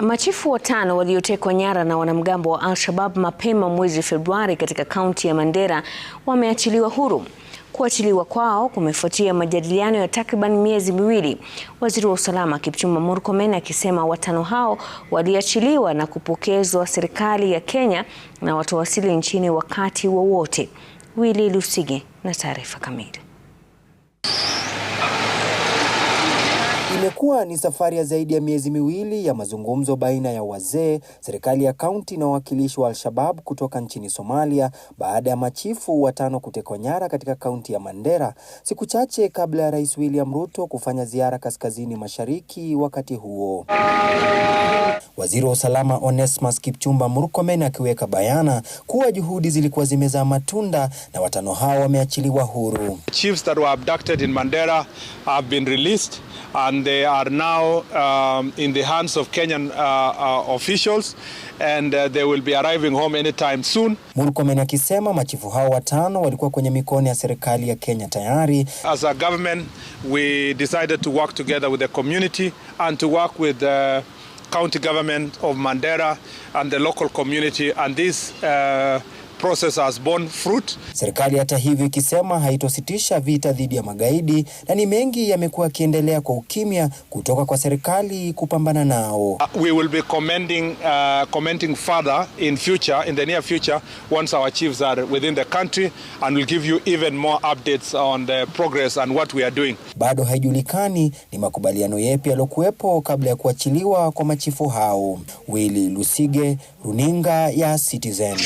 Machifu watano waliotekwa nyara na wanamgambo wa al shabab mapema mwezi Februari katika kaunti ya Mandera wameachiliwa huru. Kuachiliwa kwao kumefuatia majadiliano ya takriban miezi miwili, waziri wa usalama Kipchumba Murkomen akisema watano hao waliachiliwa na kupokezwa serikali ya Kenya na watawasili nchini wakati wowote. wili Lusige na taarifa kamili. Imekuwa ni safari ya zaidi ya miezi miwili ya mazungumzo baina ya wazee, serikali ya kaunti na wawakilishi wa Al-Shabab kutoka nchini Somalia baada ya machifu watano kutekwa nyara katika kaunti ya Mandera siku chache kabla ya Rais William Ruto kufanya ziara kaskazini mashariki wakati huo. Waziri wa usalama Onesmus Kipchumba Murkomen akiweka bayana kuwa juhudi zilikuwa zimezaa matunda na watano hao wameachiliwa huru. Chiefs that were abducted in Mandera have been released and they are now um, in the hands of Kenyan uh, uh, officials and uh, they will be arriving home anytime soon. Murkomen akisema machifu hao watano walikuwa kwenye mikono ya serikali ya Kenya tayari. As a government we decided to work together with the community and to work with uh, county government of Mandera and the local community and this uh, process has borne fruit. Serikali hata hivyo ikisema haitositisha vita dhidi ya magaidi na ni mengi yamekuwa yakiendelea kwa ukimya kutoka kwa serikali kupambana nao. Uh, we will be commending, uh, commenting further in future, in the near future once our chiefs are within the country and we'll give you even more updates on the progress and what we are doing. Bado haijulikani ni makubaliano yepi yalokuwepo kabla ya kuachiliwa kwa machifu hao. Willy Lusige, Runinga ya Citizen.